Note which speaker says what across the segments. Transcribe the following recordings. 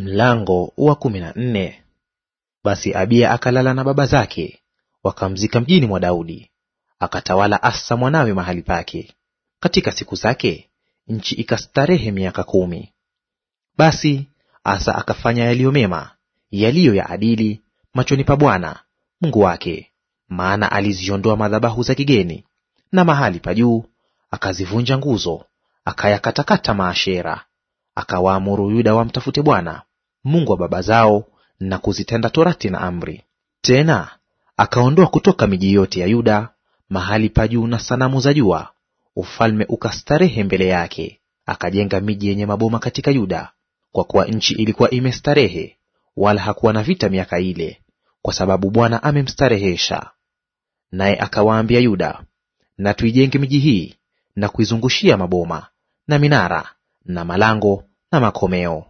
Speaker 1: Mlango wa kumi na nne. Basi Abiya akalala na baba zake, wakamzika mjini mwa Daudi. Akatawala Asa mwanawe mahali pake. Katika siku zake nchi ikastarehe miaka kumi. Basi Asa akafanya yaliyo mema, yaliyo ya adili machoni pa Bwana Mungu wake, maana aliziondoa madhabahu za kigeni na mahali pa juu, akazivunja nguzo, akayakatakata maashera, akawaamuru Yuda wamtafute Bwana Mungu wa baba zao na kuzitenda torati na amri. Tena akaondoa kutoka miji yote ya Yuda mahali pa juu na sanamu za jua, ufalme ukastarehe mbele yake. Akajenga miji yenye maboma katika Yuda, kwa kuwa nchi ilikuwa imestarehe, wala hakuwa na vita miaka ile, kwa sababu Bwana amemstarehesha. Naye akawaambia Yuda, na tuijenge miji hii na kuizungushia maboma na minara na malango na makomeo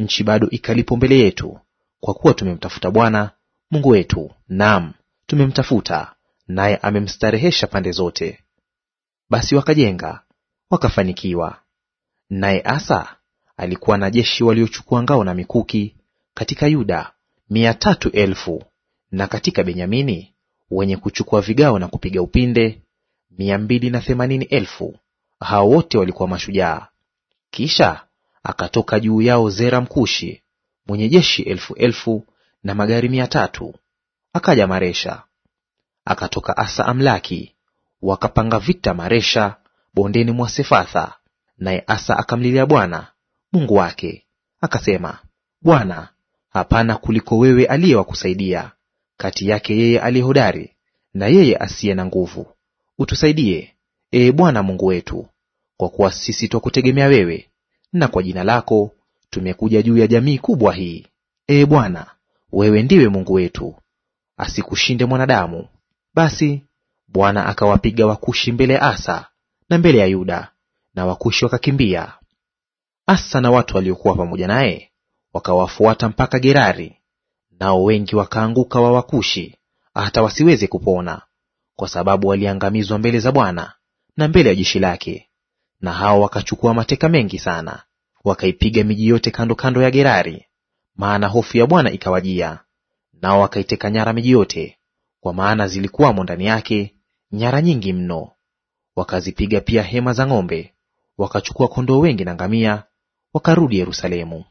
Speaker 1: nchi bado ikalipo mbele yetu, kwa kuwa tumemtafuta Bwana Mungu wetu; naam, tumemtafuta naye amemstarehesha pande zote. Basi wakajenga wakafanikiwa. Naye Asa alikuwa na jeshi waliochukua ngao na mikuki katika Yuda mia tatu elfu na katika Benyamini wenye kuchukua vigao na kupiga upinde mia mbili na themanini elfu. Hao wote walikuwa mashujaa. Kisha akatoka juu yao Zera Mkushi mwenye jeshi elfu elfu na magari mia tatu, akaja Maresha. Akatoka Asa Amlaki, wakapanga vita Maresha bondeni mwa Sefatha, naye Asa akamlilia Bwana Mungu wake akasema, Bwana, hapana kuliko wewe aliyewakusaidia kati yake yeye aliye hodari na yeye asiye na nguvu. Utusaidie, ee Bwana Mungu wetu, kwa kuwa sisi twakutegemea wewe, na kwa jina lako tumekuja juu ya jamii kubwa hii. e Bwana, wewe ndiwe Mungu wetu, asikushinde mwanadamu. Basi Bwana akawapiga Wakushi mbele ya Asa na mbele ya Yuda, na Wakushi wakakimbia. Asa na watu waliokuwa pamoja naye wakawafuata mpaka Gerari, nao wengi wakaanguka wa Wakushi, hata wasiweze kupona, kwa sababu waliangamizwa mbele za Bwana na mbele ya jeshi lake, na hao wakachukua mateka mengi sana, wakaipiga miji yote kando kando ya Gerari, maana hofu ya Bwana ikawajia. Nao wakaiteka nyara miji yote, kwa maana zilikuwamo ndani yake nyara nyingi mno. Wakazipiga pia hema za ng'ombe, wakachukua kondoo wengi na ngamia, wakarudi Yerusalemu.